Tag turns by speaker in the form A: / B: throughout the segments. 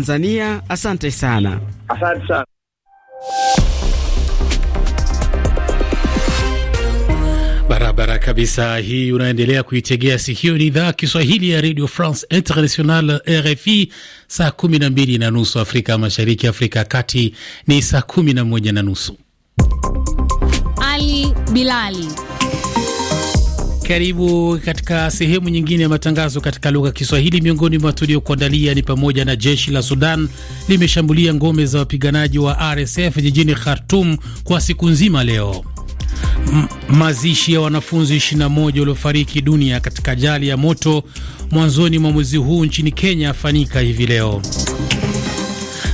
A: Tanzania. Asante sana, asante sana. Barabara kabisa, hii unaendelea kuitegea sikio. Ni idhaa Kiswahili ya Radio France International, RFI. Saa kumi na mbili na nusu Afrika Mashariki, Afrika ya Kati ni saa kumi na moja na nusu.
B: Ali Bilali
A: karibu katika sehemu nyingine ya matangazo katika lugha ya Kiswahili. Miongoni mwa tuliokuandalia ni pamoja na jeshi la Sudan limeshambulia ngome za wapiganaji wa RSF jijini khartum kwa siku nzima leo. M mazishi ya wanafunzi 21 waliofariki dunia katika ajali ya moto mwanzoni mwa mwezi huu nchini Kenya afanyika hivi leo.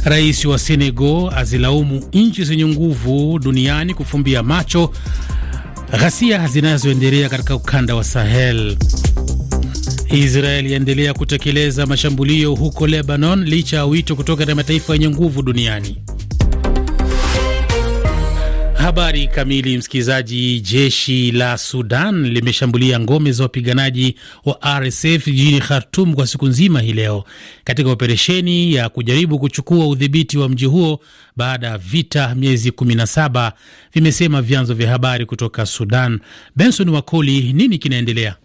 A: Rais wa Senegal azilaumu nchi zenye nguvu duniani kufumbia macho Ghasia zinazoendelea katika ukanda wa Sahel. Israel yaendelea kutekeleza mashambulio huko Lebanon licha ya wito kutoka katika mataifa yenye nguvu duniani. Habari kamili, msikilizaji. Jeshi la Sudan limeshambulia ngome za wapiganaji wa RSF jijini Khartum kwa siku nzima hii leo katika operesheni ya kujaribu kuchukua udhibiti wa mji huo baada ya vita miezi 17, vimesema vyanzo vya habari kutoka Sudan. Benson Wakoli, nini kinaendelea?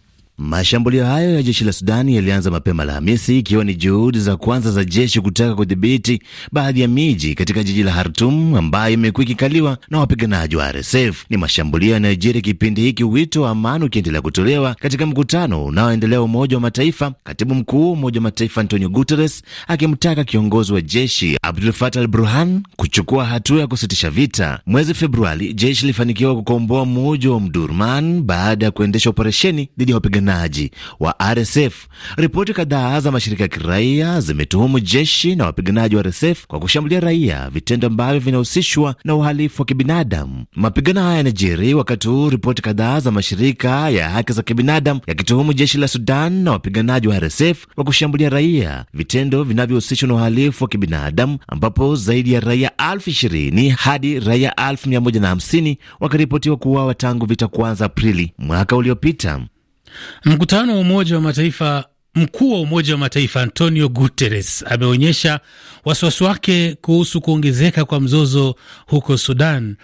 C: Mashambulio hayo ya jeshi la Sudani yalianza mapema Alhamisi, ikiwa ni juhudi za kwanza za jeshi kutaka kudhibiti baadhi ya miji katika jiji la hartum ambayo imekuwa ikikaliwa na wapiganaji wa RSF. Ni mashambulio yanayojiri kipindi hiki, wito wa amani ukiendelea kutolewa katika mkutano unaoendelea Umoja wa Mataifa, katibu mkuu wa Umoja wa Mataifa Antonio Guterres akimtaka kiongozi wa jeshi Abdul Fatah al Burhan kuchukua hatua ya kusitisha vita. Mwezi Februari jeshi lilifanikiwa kukomboa mji wa Mdurman baada ya kuendesha operesheni dhidi ya wapiganaji wapiganaji wa RSF. Ripoti kadhaa za mashirika ya kiraia zimetuhumu jeshi na wapiganaji wa RSF kwa kushambulia raia, vitendo ambavyo vinahusishwa na uhalifu wa kibinadamu. Mapigano haya yanajiri wakati huu, ripoti kadhaa za mashirika ya haki za kibinadamu yakituhumu jeshi la Sudan na wapiganaji wa RSF kwa kushambulia raia, vitendo vinavyohusishwa na uhalifu wa kibinadamu, ambapo zaidi ya raia elfu ishirini hadi raia elfu mia moja na hamsini kuuawa tangu vita kuanza Aprili mwaka uliopita.
A: Mkutano wa Umoja wa Mataifa Mkuu wa Umoja wa Mataifa Antonio Guterres ameonyesha wasiwasi wake kuhusu kuongezeka kwa mzozo huko Sudan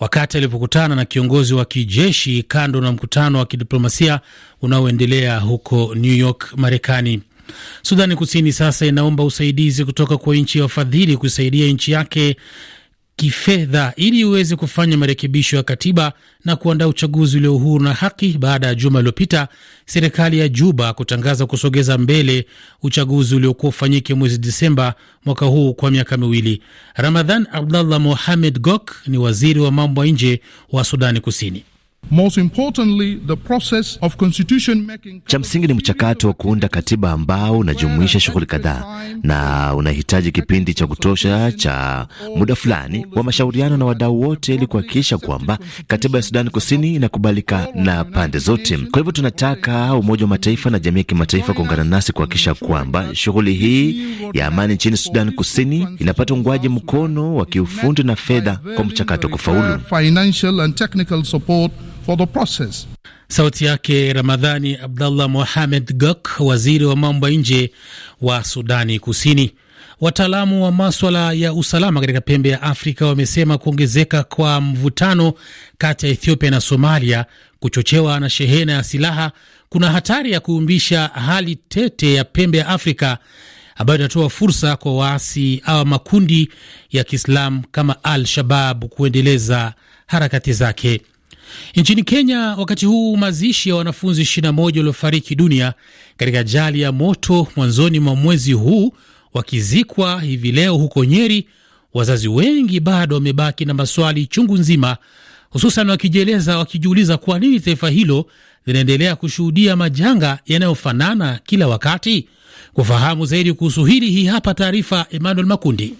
A: wakati alipokutana na kiongozi wa kijeshi kando na mkutano wa kidiplomasia unaoendelea huko New York, Marekani. Sudani Kusini sasa inaomba usaidizi kutoka kwa nchi ya wafadhili kuisaidia nchi yake kifedha ili iweze kufanya marekebisho ya katiba na kuandaa uchaguzi ulio uhuru na haki, baada ya juma iliyopita serikali ya Juba kutangaza kusogeza mbele uchaguzi uliokuwa ufanyike mwezi Disemba mwaka huu kwa miaka miwili. Ramadhan Abdallah Mohamed Gok ni waziri wa mambo ya nje wa Sudani Kusini
C: cha msingi ni mchakato wa kuunda katiba ambao unajumuisha shughuli kadhaa na unahitaji kipindi cha kutosha cha muda fulani wa mashauriano na wadau wote, ili kuhakikisha kwamba katiba ya Sudani Kusini inakubalika na pande zote. Kwa hivyo tunataka Umoja wa Mataifa na jamii ya kimataifa kuungana nasi kuhakikisha kwamba shughuli hii ya amani nchini Sudani Kusini inapata ungwaji mkono wa kiufundi na fedha kwa mchakato kufaulu
A: for the process. Sauti yake Ramadhani Abdallah Mohamed Gok, waziri wa mambo ya nje wa Sudani Kusini. Wataalamu wa maswala ya usalama katika pembe ya Afrika wamesema kuongezeka kwa mvutano kati ya Ethiopia na Somalia kuchochewa na shehena ya silaha kuna hatari ya kuumbisha hali tete ya pembe ya Afrika ambayo inatoa fursa kwa waasi au makundi ya Kiislamu kama Al Shabab kuendeleza harakati zake. Nchini Kenya, wakati huu mazishi ya wanafunzi 21 waliofariki dunia katika ajali ya moto mwanzoni mwa mwezi huu wakizikwa hivi leo huko Nyeri, wazazi wengi bado wamebaki na maswali chungu nzima, hususan wakijieleza, wakijiuliza kwa nini taifa hilo linaendelea kushuhudia majanga yanayofanana kila wakati. Kufahamu zaidi kuhusu hili, hii hapa taarifa Emmanuel Makundi.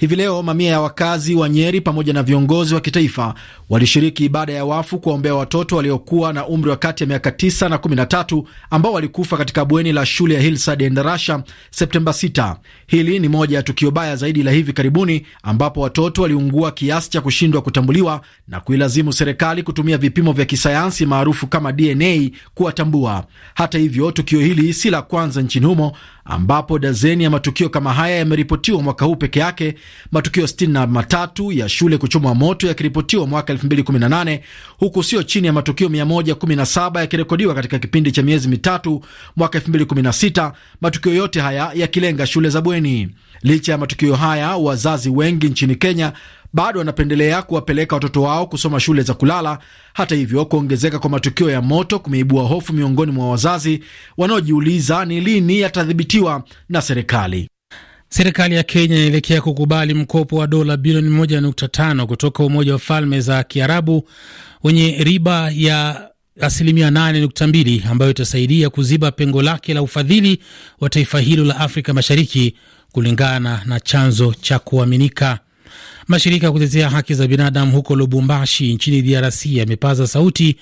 D: Hivi leo mamia ya wakazi wa Nyeri pamoja na viongozi wa kitaifa walishiriki ibada ya wafu kuwaombea watoto waliokuwa na umri wa kati ya miaka 9 na 13 ambao walikufa katika bweni la shule ya Hillside Endarasha Septemba 6. Hili ni moja ya tukio baya zaidi la hivi karibuni ambapo watoto waliungua kiasi cha kushindwa kutambuliwa na kuilazimu serikali kutumia vipimo vya kisayansi maarufu kama DNA kuwatambua. Hata hivyo, tukio hili si la kwanza nchini humo ambapo dazeni ya matukio kama haya yameripotiwa mwaka huu peke yake, matukio 63 matatu ya shule kuchomwa moto yakiripotiwa mwaka 2018 huku sio chini ya matukio 117 yakirekodiwa katika kipindi cha miezi mitatu mwaka 2016, matukio yote haya yakilenga shule za bweni. Licha ya matukio haya, wazazi wengi nchini Kenya bado wanapendelea kuwapeleka watoto wao kusoma shule za kulala. Hata hivyo, kuongezeka kwa matukio ya moto kumeibua hofu miongoni mwa wazazi wanaojiuliza ni lini yatadhibitiwa na serikali.
A: Serikali ya Kenya inaelekea kukubali mkopo wa dola bilioni 1.5 kutoka Umoja wa Falme za Kiarabu wenye riba ya asilimia 8.2 ambayo itasaidia kuziba pengo lake la ufadhili wa taifa hilo la Afrika Mashariki, kulingana na chanzo cha kuaminika. Mashirika ya kutetea haki za binadamu huko Lubumbashi nchini DRC yamepaza sauti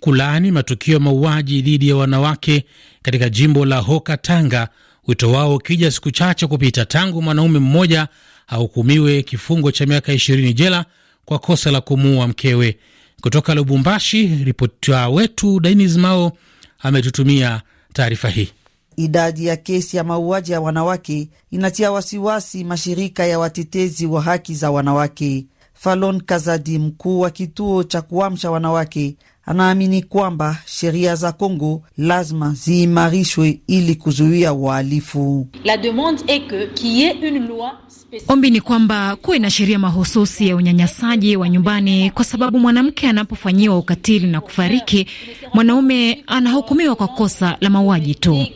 A: kulaani matukio ya mauaji dhidi ya wanawake katika jimbo la Hoka Tanga, wito wao ukija siku chache kupita tangu mwanaume mmoja ahukumiwe kifungo cha miaka ishirini jela kwa kosa la kumuua mkewe. Kutoka Lubumbashi, ripota wetu Dainis Mao ametutumia taarifa hii.
B: Idadi ya kesi ya mauaji ya wanawake inatia wasiwasi mashirika ya watetezi wa haki za wanawake. Falon Kazadi, mkuu wa kituo cha kuamsha wanawake, anaamini kwamba sheria za Kongo lazima ziimarishwe ili kuzuia uhalifu.
D: Ombi ni kwamba kuwe na sheria mahususi ya unyanyasaji wa nyumbani, kwa sababu mwanamke anapofanyiwa ukatili na kufariki, mwanaume anahukumiwa kwa kosa
B: la mauaji tu.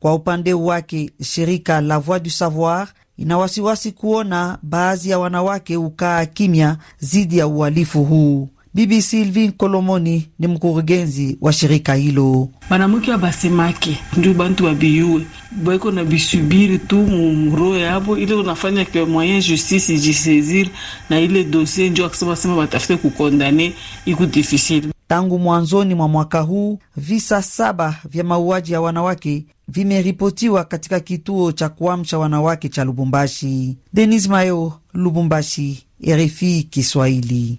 B: Kwa upande wake, shirika la Voix du Savoir ina wasiwasi kuona baadhi ya wanawake ukaa kimya dhidi ya uhalifu huu. Bibi Sylvie Kolomoni ni mkurugenzi wa shirika hilo.
C: Banamuke wa basemake ndio bantu babiyue baiko na bisubiri tu
A: mumroho yabo, ile unafanya ke moyen justice jisaisir na ile dosie njo akisema sema batafute kukondane iku difficile.
B: Tangu mwanzoni mwa mwaka huu visa saba vya mauaji ya wanawake vimeripotiwa katika kituo cha kuamsha wanawake cha Lubumbashi. Denis Mayo, Lubumbashi, RFI Kiswahili.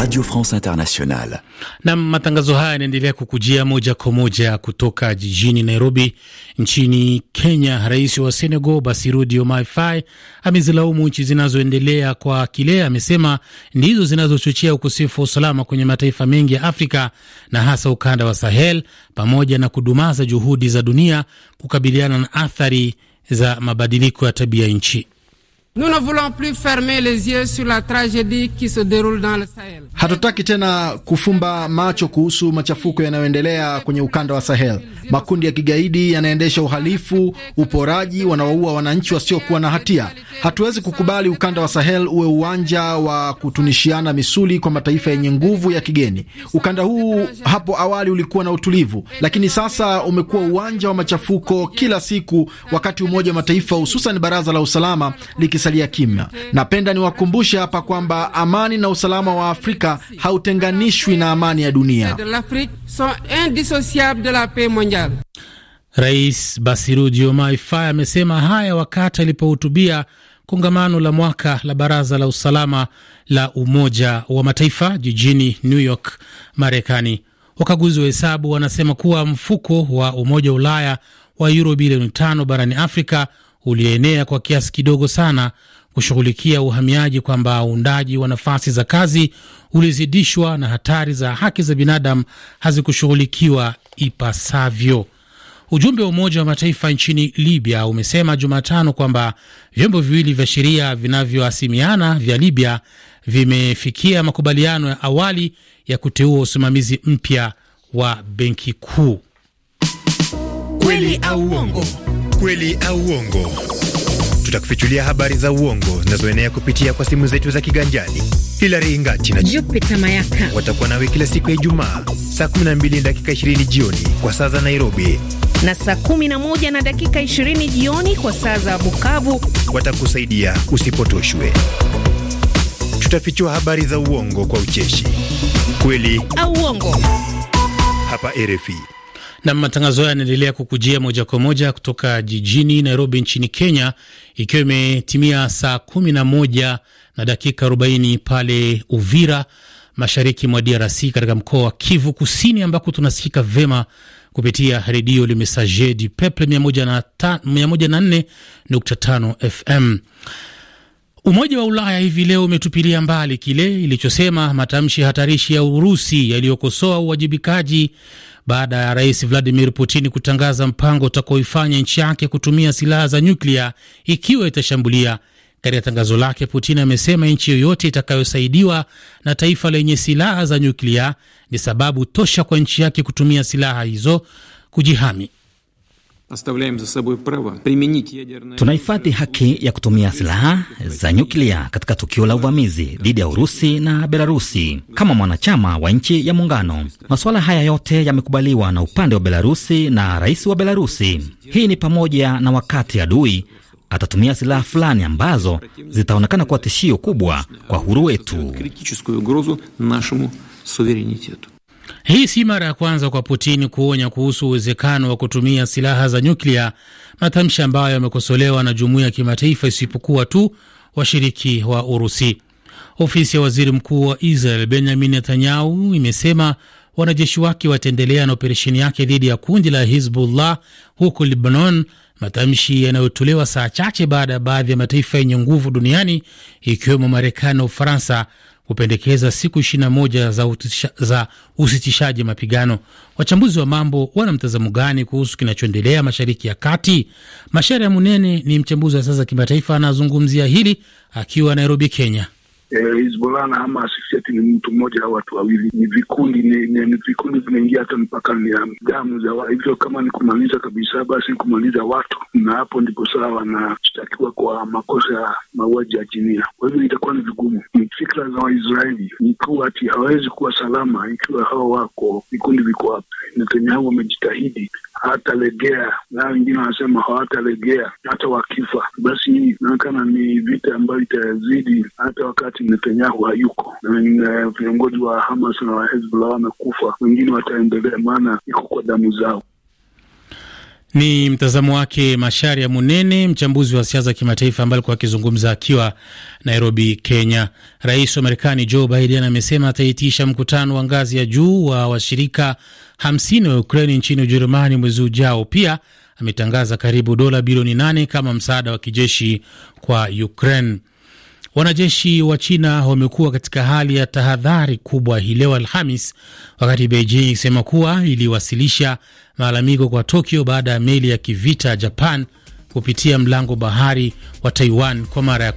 C: Radio France Internationale.
A: Na matangazo haya yanaendelea kukujia moja kwa moja kutoka jijini Nairobi nchini Kenya. Rais wa Senegal Bassirou Diomaye Faye amezilaumu nchi zinazoendelea kwa kile amesema ndizo zinazochochea ukosefu wa usalama kwenye mataifa mengi ya Afrika na hasa ukanda wa Sahel, pamoja na kudumaza juhudi za dunia kukabiliana na athari za mabadiliko ya tabia nchi. Nous ne voulons plus fermer les yeux sur la tragédie qui se déroule dans le Sahel. Hatutaki
D: tena kufumba macho kuhusu machafuko yanayoendelea kwenye ukanda wa Sahel. Makundi ya kigaidi yanaendesha uhalifu, uporaji, wanawaua wananchi wasiokuwa na hatia. Hatuwezi kukubali ukanda wa Sahel uwe uwanja wa kutunishiana misuli kwa mataifa yenye nguvu ya kigeni. Ukanda huu hapo awali ulikuwa na utulivu, lakini sasa umekuwa uwanja wa machafuko kila siku, wakati Umoja wa Mataifa hususan Baraza la Usalama liki wakisalia kimya. Napenda niwakumbushe hapa kwamba amani na usalama wa Afrika
A: hautenganishwi na amani ya dunia. Rais Basiru Diomaye Faye amesema haya wakati alipohutubia kongamano la mwaka la Baraza la Usalama la Umoja wa Mataifa jijini New York, Marekani. Wakaguzi wa hesabu wanasema kuwa mfuko wa Umoja wa Ulaya wa yuro bilioni tano barani Afrika ulioenea kwa kiasi kidogo sana kushughulikia uhamiaji, kwamba uundaji wa nafasi za kazi ulizidishwa na hatari za haki za binadamu hazikushughulikiwa ipasavyo. Ujumbe wa Umoja wa Mataifa nchini Libya umesema Jumatano kwamba vyombo viwili vya sheria vinavyoasimiana vya Libya vimefikia makubaliano ya awali ya kuteua usimamizi mpya wa benki kuu.
C: Kweli au uongo? ukweli au uongo. Tutakufichulia habari za uongo zinazoenea kupitia kwa simu zetu za kiganjani. Hilari Ingati na Jupita Mayaka watakuwa nawe kila siku ya Ijumaa saa 12 dakika 20 jioni kwa saa za Nairobi na saa 11 na dakika 20 jioni kwa saa za Bukavu. Watakusaidia usipotoshwe. Tutafichua habari za uongo kwa ucheshi, kweli au uongo, hapa RFI.
A: Nam, matangazo haya yanaendelea kukujia moja kwa moja kutoka jijini Nairobi nchini Kenya, ikiwa imetimia saa kumi na moja na dakika arobaini pale Uvira, mashariki mwa DRC, katika mkoa wa Kivu Kusini, ambako tunasikika vema kupitia redio Le Messager du Peuple 104.5 FM. Umoja wa Ulaya hivi leo umetupilia mbali kile ilichosema matamshi hatarishi ya Urusi yaliyokosoa uwajibikaji baada ya rais Vladimir Putin kutangaza mpango utakaoifanya nchi yake kutumia silaha za nyuklia ikiwa itashambulia. Katika tangazo lake, Putin amesema nchi yoyote itakayosaidiwa na taifa lenye silaha za nyuklia ni sababu tosha kwa nchi yake kutumia silaha hizo kujihami.
C: Tunahifadhi haki ya kutumia silaha za nyuklia katika tukio la uvamizi dhidi ya Urusi na Belarusi kama mwanachama wa nchi ya Muungano. Masuala haya yote yamekubaliwa na upande wa Belarusi na rais wa Belarusi. Hii ni pamoja na wakati adui atatumia silaha fulani ambazo
A: zitaonekana kuwa tishio kubwa kwa uhuru wetu. Hii si mara ya kwanza kwa Putin kuonya kuhusu uwezekano wa kutumia silaha za nyuklia, matamshi ambayo yamekosolewa na jumuiya ya kimataifa isipokuwa tu washiriki wa Urusi. Ofisi ya waziri mkuu wa Israel Benjamin Netanyahu imesema wanajeshi wake wataendelea na operesheni yake dhidi ya kundi la Hizbullah huko Lebanon, matamshi yanayotolewa saa chache baada ya baadhi ya mataifa yenye nguvu duniani ikiwemo Marekani na Ufaransa kupendekeza siku 21 za, utisha, za usitishaji mapigano. Wachambuzi wa mambo wana mtazamo gani kuhusu kinachoendelea mashariki ya kati? ya Munene ni mchambuzi wa siasa kimataifa, anazungumzia hili akiwa Nairobi, Kenya. Hizbollah eh, na Hamas si ni mtu mmoja au watu wawili, ni vikundi, ni vikundi vinaingia hata mpaka ni damu za wa. Hivyo kama ni kumaliza kabisa, basi kumaliza watu, na hapo ndipo sawa wanashtakiwa kwa makosa ya mauaji ya jinia. Kwa hivyo itakuwa ni vigumu. Ni fikra za Waisraeli kuwa ati hawawezi kuwa salama ikiwa hao wako vikundi viko wapi. Netanyahu wamejitahidi hawatalegea na wengine wanasema hawatalegea hata wakifa. Basi inaonekana ni vita ambayo itazidi hata wakati Netanyahu hayuko na viongozi wa Hamas na wa Hezbollah wamekufa, wengine wataendelea, maana iko kwa damu zao. Ni mtazamo wake Masharia Munene, mchambuzi wa siasa kimataifa, ambaye alikuwa akizungumza akiwa Nairobi, Kenya. Rais wa Marekani Joe Biden amesema ataitisha mkutano wa ngazi ya juu wa washirika 50 wa Ukraini nchini Ujerumani mwezi ujao. Pia ametangaza karibu dola bilioni 8 kama msaada wa kijeshi kwa Ukraine. Wanajeshi wa China wamekuwa katika hali ya tahadhari kubwa hii leo Alhamis, wakati Beijing ikisema kuwa iliwasilisha malalamiko kwa Tokyo baada
B: ya meli ya kivita Japan kupitia mlango bahari wa Taiwan kwa mara ya